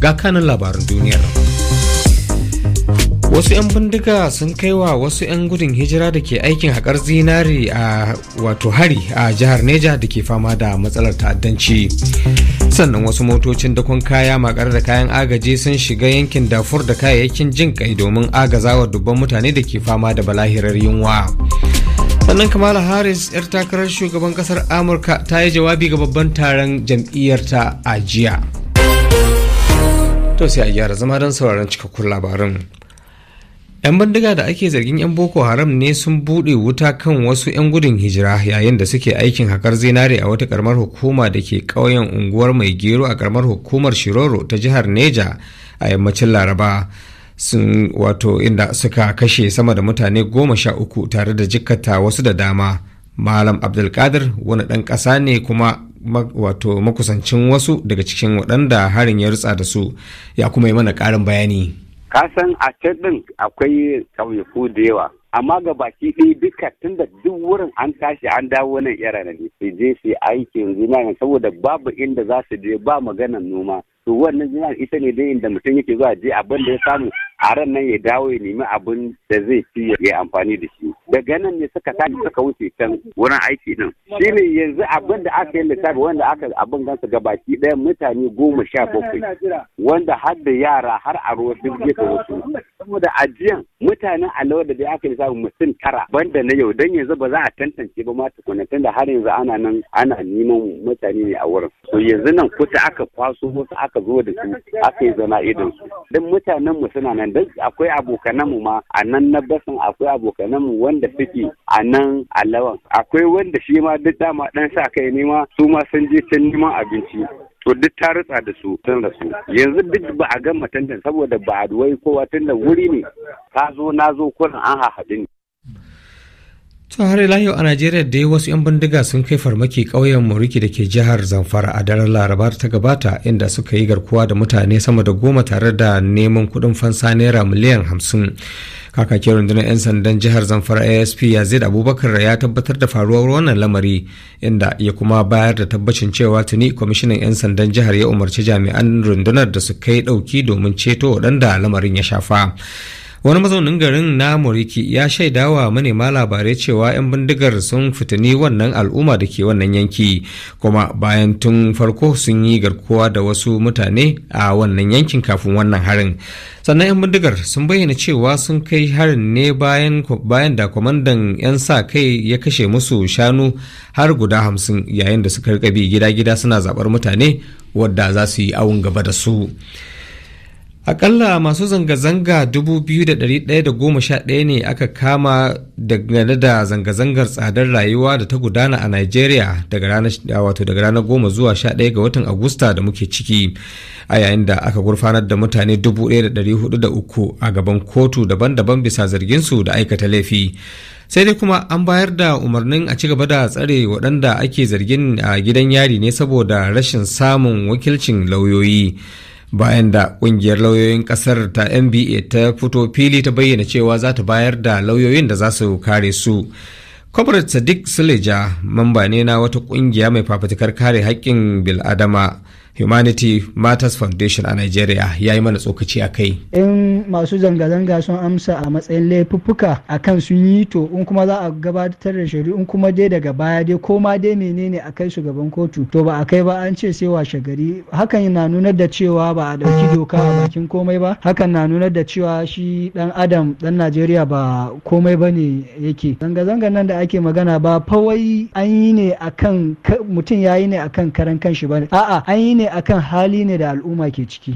ga kanin labarin duniyar wasu 'yan bindiga sun kai wa wasu 'yan gudun hijira da ke aikin haƙar zinari a wato hari a jihar neja da ke fama da matsalar ta'addanci sannan wasu motocin dakon kaya makar da kayan agaji sun shiga yankin dafur da kayayyakin jin kai domin agazawa dubban mutane da ke fama da balahirar yunwa sannan kamala harris 'yar takarar shugaban kasar amurka ta yi jawabi ga babban taron jam'iyyarta a jiya to sai a gyara zama don sauraron cikakkun labarin yan bindiga da ake zargin yan boko haram ne sun buɗe wuta kan wasu yan gudun hijira yayin da suke aikin hakar zinare a wata karamar hukuma da ke ƙauyen unguwar mai gero a karamar hukumar shiroro ta jihar neja a yammacin laraba sun wato inda suka kashe sama da mutane goma sha uku tare da jikkata wasu da dama malam abdulkadir wani ɗan ƙasa ne kuma wato makusancin wasu daga cikin waɗanda harin ya rutsa da su ya kuma yi mana ƙarin bayani kasan a can ɗin akwai ƙauyaku da yawa amma ga baki ɗaya duka tun da duk wurin an tashi an dawo nan yara ne su je su aiki yanzu na saboda babu inda za su je ba maganan noma to wannan jinyar ita ne dai inda mutum yake zuwa je abin da ya samu a ran nan ya dawo ya nemi abin da zai fi ya amfani da shi daga nan ne suka tashi suka wuce can wurin aiki din shi ne yanzu abin da aka yi lissafi wanda aka abin gansa gabaki ɗaya mutane goma sha bakwai wanda har da yara har a ruwa duk gefe wasu saboda ajiyan mutanen alawa da dai aka lissafi mutum tara banda na yau dan yanzu ba za a tantance ba ma tukuna da har yanzu ana nan ana neman mutane ne a wurin to yanzu nan kuta aka kwaso wasu aka zo da su aka yi zama idan su dan mutanen mu suna nan dan akwai abokanan mu ma a nan na basin akwai abokanan mu wanda suke a nan alawan akwai wanda shi ma duk dama dan sa kai ne ma su ma sun je can neman abinci to duk ta rutsa da su sun rasu yanzu duk ba a gama tantan saboda ba a duwai kowa tunda wuri ne ka zo na zo kuna an haɗu ne. to har ila yau a najeriya dai wasu 'yan bindiga sun kai farmaki ƙauyen muriki da ke jihar zamfara a daren laraba ta gabata inda suka yi garkuwa da mutane sama da goma tare da neman kuɗin fansa naira miliyan hamsin kakakin rundunar 'yan sandan jihar zamfara asp yazid abubakar ya tabbatar da faruwar wannan lamari inda ya kuma bayar da tabbacin cewa tuni kwamishinan 'yan sandan jihar ya umarci jami'an rundunar da su kai dauki domin ceto waɗanda lamarin ya shafa wani mazaunin garin na moriki ya shaida wa manema labarai cewa 'yan bindigar sun fitini wannan al'umma da ke wannan yanki kuma bayan tun farko sun yi garkuwa da wasu mutane a wannan yankin kafin wannan harin sannan 'yan bindigar sun bayyana cewa sun kai harin ne bayan da kwamandan 'yan sa kai ya kashe musu shanu har guda hamsin yayin da suka gida-gida suna zabar mutane wadda za su yi awon gaba da su. Akalla masu zanga-zanga 2,111 ne aka kama dangane da zanga-zangar tsadar rayuwa da ta gudana a Nigeria daga ranar goma zuwa 11 ga watan Agusta da muke ciki a yayin da aka gurfanar da mutane 1,403 a gaban kotu daban-daban bisa zarginsu da aikata laifi. sai dai kuma an bayar da umarnin a ci gaba da tsare waɗanda ake zargin a gidan yari ne saboda rashin samun wakilcin lauyoyi. bayan da kungiyar lauyoyin kasar ta nba ta fito fili ta bayyana cewa za ta bayar da lauyoyin da za su kare su comrade sadiq suleja mamba ne na wata kungiya mai fafutukar kare haƙƙin bil'adama humanity matters foundation a nigeria ya yi mana tsokaci a kai in masu zanga-zanga sun amsa a matsayin laifuffuka a kan sun yi to in kuma za a gabatar da shari'u in kuma dai daga baya dai ko ma dai menene a kai shugaban kotu to ba a kai ba an ce sai washe gari hakan na nunar da cewa ba a ɗauki doka a bakin komai ba hakan na nunar da cewa shi dan adam dan najeriya ba komai ba ne yake zanga zanga nan da ake magana ba fawai an yi ne akan mutum ya yi ne akan karan kanshi ba a'a an yi ne ne akan hali ne da al'umma ke ciki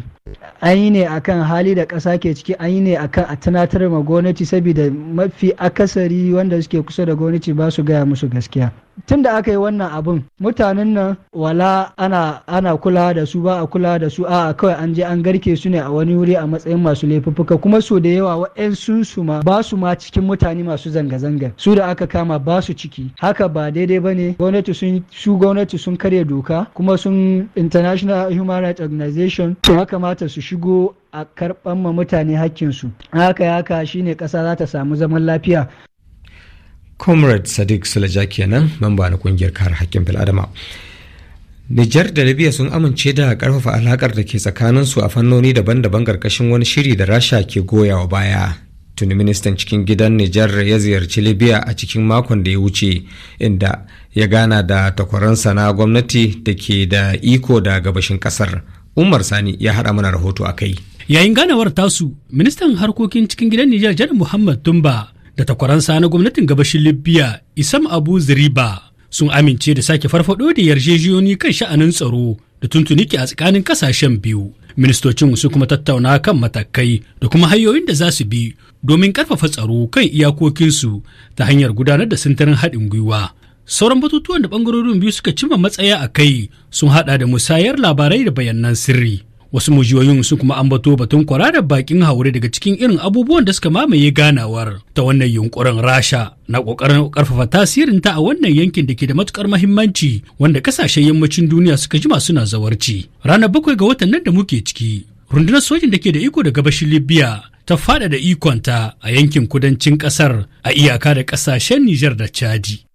an yi ne akan hali da ƙasa ke ciki an yi ne akan a tunatar ma gwamnati saboda mafi akasari wanda suke kusa da gwamnati ba su gaya musu gaskiya tun da aka yi wannan abin mutanen nan wala ana ana kula da su ba a kula da su a'a kawai an je an garke su ne a wani wuri a matsayin masu laifuffuka kuma so da yawa sun su ma ba su ma cikin mutane masu zanga-zanga su da aka kama ba su ciki haka ba daidai ba ne gwamnati sun su gwamnati sun karya doka kuma sun international human rights organization to ya kamata su shigo a karɓan ma mutane hakkinsu haka haka shine ƙasa za ta samu zaman lafiya comrade sadiq sulaja kenan mamba na kungiyar kare haƙƙin bil'adama Nijar da Libya sun amince da karfafa alakar da ke tsakanin su a fannoni daban-daban ƙarƙashin wani shiri da Rasha ke goyawa baya. Tuni ministan cikin gidan Nijar ya ziyarci Libya a cikin makon da ya wuce, inda ya gana da takwaransa na gwamnati da ke da iko da gabashin kasar Umar Sani ya haɗa mana rahoto a kai. Yayin ganawar tasu, ministan harkokin cikin gidan Nijar Jan Muhammad Tumba da takwaransa na gwamnatin gabashin libya isam abu ziriba sun amince da sake farfado da yarjejiyoni kan sha'anin tsaro da tuntuniki a tsakanin kasashen biyu ministocin su kuma tattauna kan matakai da kuma hanyoyin da za su bi domin karfafa tsaro kan iyakokinsu ta hanyar gudanar da sintirin haɗin gwiwa sauran batutuwan da ɓangarorin biyu suka cimma matsaya a kai sun haɗa da musayar labarai da bayanan sirri wasu mujiyoyin sun kuma ambato batun kwararar bakin haure daga cikin irin abubuwan da suka mamaye ganawar ta wannan yunkurin rasha na kokarin karfafa tasirin ta a wannan yankin da ke da matukar mahimmanci wanda kasashen yammacin duniya suka jima suna zawarci ranar bakwai ga watan nan da muke ciki rundunar sojin da ke da iko da gabashin libya ta faɗaɗa ikonta a yankin kudancin ƙasar a iyaka da ƙasashen nijar da chadi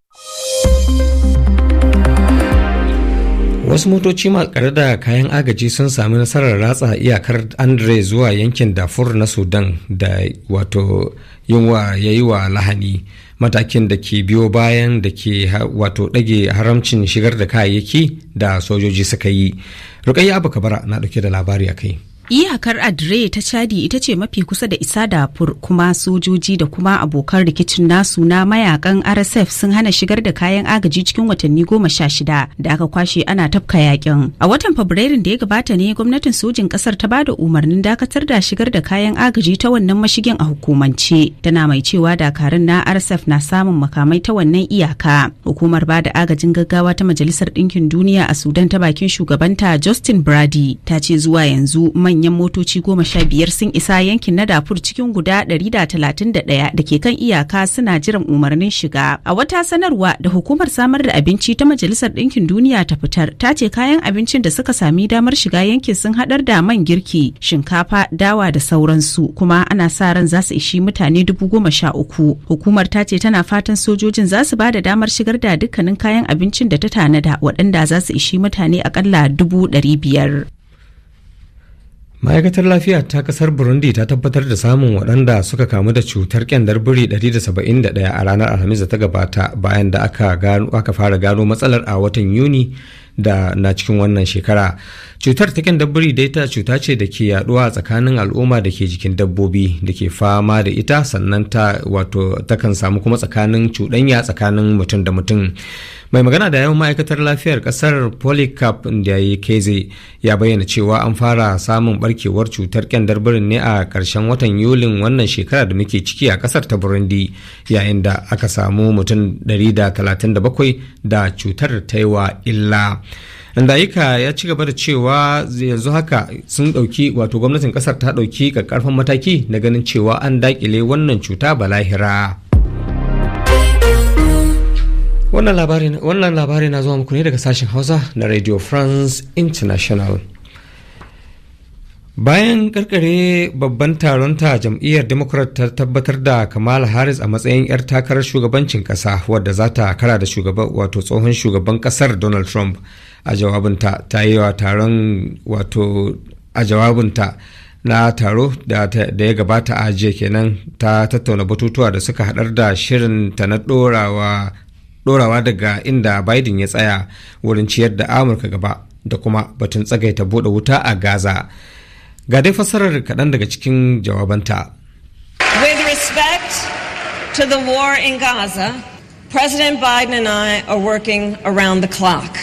wasu motoci makare da kayan agaji sun sami nasarar ratsa iyakar andre zuwa yankin dafur na sudan da wato yunwa ya yi wa lahani matakin da ke biyo bayan da ke wato ɗage haramcin shigar da kayayyaki da sojoji suka yi rukayya abu kabara na ɗauke da labari a kai iyakar adre ta chadi ita ce mafi kusa da isa fur kuma sojoji da kuma abokan rikicin nasu na mayakan rsf sun hana shigar da kayan agaji cikin watanni goma sha shida da aka kwashe ana tafka yakin a watan fabrairun da ya gabata ne gwamnatin sojin kasar ta bada umarnin dakatar da shigar da kayan agaji ta wannan mashigin a hukumance tana mai cewa dakarun na rsf na samun makamai ta wannan iyaka hukumar bada agajin gaggawa ta majalisar ɗinkin duniya a sudan ta bakin shugabanta justin brady ta ce zuwa yanzu mai manyan motoci goma sha biyar sun isa yankin na dafur cikin guda 131 da talatin da da ɗaya ke kan iyaka suna jiran umarnin shiga. A wata sanarwa da hukumar samar da abinci ta Majalisar Ɗinkin Duniya ta fitar ta ce kayan abincin da suka sami damar shiga yankin sun haɗar da man girki, shinkafa, dawa da sauransu kuma ana sa ran za su ishi mutane dubu goma sha uku. Hukumar ta ce tana fatan sojojin za su ba da damar shigar da dukkanin kayan abincin da ta tanada waɗanda za su ishi mutane akalla dubu ɗari biyar. ma'aikatar lafiya ta kasar burundi ta tabbatar da samun waɗanda suka kamu da cutar kyandar biri 171 a ranar alhamis da ta gabata bayan da aka fara gano matsalar a watan yuni da na cikin wannan shekara Cutar taken dabbiri dai ta cuta ce da ke yaduwa a tsakanin al'umma da ke jikin dabbobi da ke fama da ita sannan ta wato takan samu kuma tsakanin cuɗanya tsakanin mutum da mutum. Mai magana da yawan ma'aikatar lafiyar kasar polycap da ya keze ya bayyana cewa an fara samun barkewar cutar kyandar birin ne a karshen watan Yulin wannan shekara da muke ciki a kasar ta Burundi yayin da aka samu mutum 137 da cutar ta yi wa illa. Ndayika ya ci gaba da cewa yanzu haka sun ɗauki wato gwamnatin ƙasar ta ɗauki karkarfan mataki na ganin cewa an dakile wannan cuta balahira. Wannan labari na zuwa muku ne daga sashen Hausa na Radio France International. bayan karkare babban taron ta jam'iyyar democrat ta tabbatar da kamal harris a matsayin 'yar takarar shugabancin kasa wadda za ta kara da shugaban wato tsohon shugaban kasar donald trump a jawabinta ta yi wa taron wato a jawabinta na taro da, ya gabata a jiya kenan ta tattauna batutuwa da suka hadar da shirin ta na dorawa daga inda biden ya tsaya wurin ciyar da amurka gaba da kuma batun tsagaita bude wuta a gaza ga dai fassarar kaɗan daga cikin jawabanta with respect to the war in gaza president biden and i are working around the clock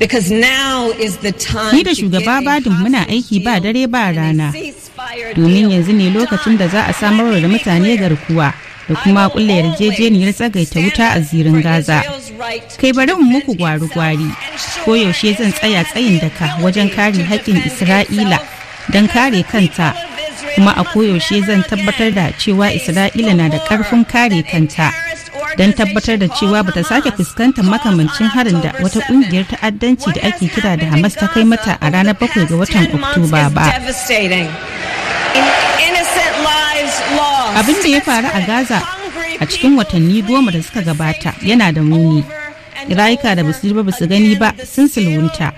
Ni da shugaba biden muna aiki ba dare ba rana domin yanzu ne lokacin da za a samar da mutane garkuwa da kuma kulle yarjejeniyar tsagaita wuta a zirin Gaza. Kai bari in muku gwari-gwari, koyaushe zan tsaya tsayin daka wajen kare haƙƙin Isra'ila don kare kanta kuma a koyaushe zan tabbatar da cewa isra'ila na da karfin kare kanta don tabbatar da cewa bata sake fuskantar makamancin harin da wata kungiyar ta'addanci da ake kira da hamas ta kai mata a ranar 7 ga watan oktoba ba abin da ya faru a gaza a cikin watanni goma da suka gabata yana da muni rayuka da basu ba basu gani ba sun silwunta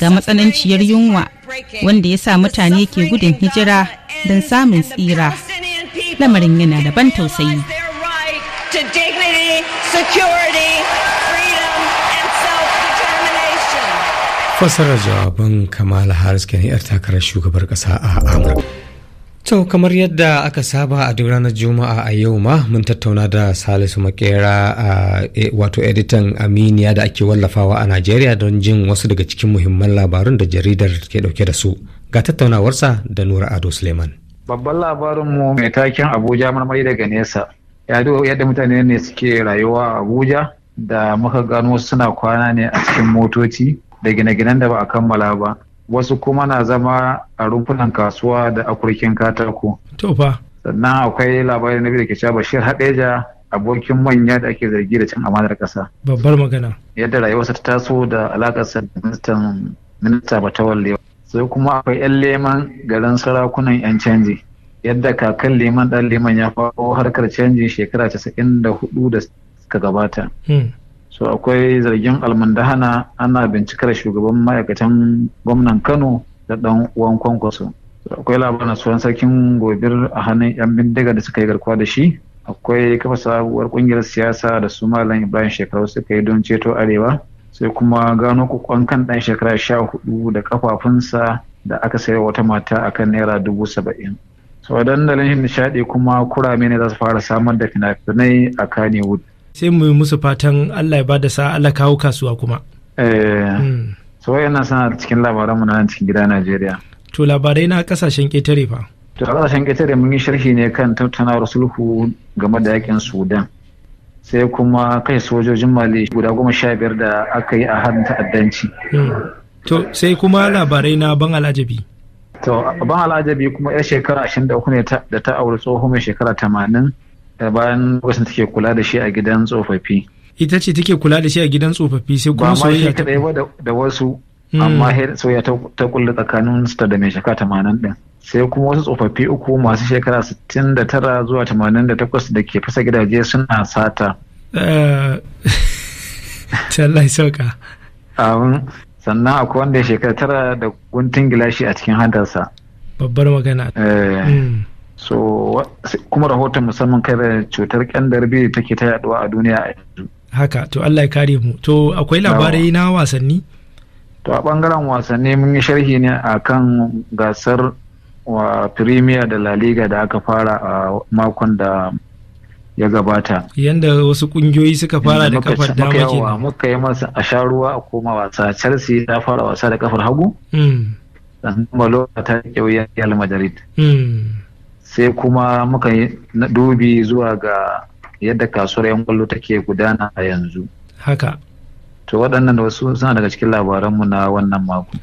ga matsananciyar yunwa wanda ya sa mutane ke gudun hijira don samun tsira lamarin yana da ban tausayi fasarar jawaban kamala harris kenan 'yar takarar shugabar kasa a amurka To kamar yadda aka saba a duk ranar Juma'a a yau ma mun tattauna da Salisu Makera a e, wato editan Aminiya da ake wallafawa a Najeriya don jin wasu daga cikin muhimman labarun da jaridar ke dauke da su. Ga tattaunawarsa da Nura Ado Suleiman. Babban labarin mu mai taken Abuja marmari daga nesa. Ya yadda mutane ne suke rayuwa a Abuja da muka gano suna kwana ne a cikin motoci da gine-ginen da ba a kammala ba. wasu kuma na zama a rumfunan kasuwa da akurkin katako. Tofa. Sannan akwai labarin na da ke cewa Bashir Hadeja abokin manya da ake zargi da cin amanar ƙasa. Babbar magana. Yadda rayuwarsa ta taso da alaƙarsa da ministan minista Batawalle. Sai kuma akwai 'yan leman garin sarakunan 'yan canji. Yadda kakan leman ɗan leman ya faɗo harkar canji shekara casa'in da hudu da suka gabata. Hmm. so akwai zargin almandahana ana bincikar shugaban ma'aikatan gwamnan kano da dan uwan kwankwaso akwai labarin sunan sarkin gobir a hannun yan bindiga da suka yi garkuwa da shi akwai kafa sabuwar kungiyar siyasa da su malam ibrahim shekaru suka yi don ceto arewa sai kuma gano kukon kan dan shekara sha hudu da kafafunsa da aka sayar wata mata akan naira dubu saba'in so dandalin nishadi kuma kurame ne za su fara samar da fina-finai a kanewood. sai mu musu fatan Allah ya bada sa Allah kawo kasuwa kuma eh hmm. so yana sana cikin labaran mu na cikin gida Najeriya to labarai na kasashen ketare fa to kasashen ketare mun yi sharhi ne kan tattaunawar sulhu game da yakin Sudan sai kuma kai sojojin Mali guda goma sha biyar da aka yi a hannun ta'addanci hmm. to sai kuma labarai na ban alajabi to ban al'ajabi kuma yar shekara 23 ne da ta aure tsohon mai shekara 80 bayan lokacin take kula da shi a gidan tsofaffi ita ce take kula da shi a gidan tsofaffi sai kuma soyayya ta ba da wasu amma hmm. soyayya ta kulle tsakanin su da mai shaka tamanin din sai kuma wasu tsofaffi uku masu shekara 69 zuwa 88 da ke fasa gidaje suna sata eh. Tallai sauka sannan akwai wanda ya shekara tara da guntun gilashi a cikin hadarsa babbar magana eh. hmm. so kuma rahoton musamman kare cutar kyandar biyu take ta yaduwa a duniya a yanzu haka to Allah ya kare mu to akwai labarai na wasanni to a bangaren wasanni mun yi sharhi ne a kan gasar wa Premier da La Liga da aka fara a makon da ya gabata yadda wasu kungiyoyi suka fara da kafar dama kenan muka yi masa a sha ruwa a koma wasa Chelsea ta fara wasa da kafar hagu sannan hmm. Maloka ta yi Real Madrid hmm. sai kuma muka yi dubi zuwa ga yadda kasuwar yan kwallo take gudana a yanzu haka to waɗannan da wasu suna daga cikin labaranmu na wannan mako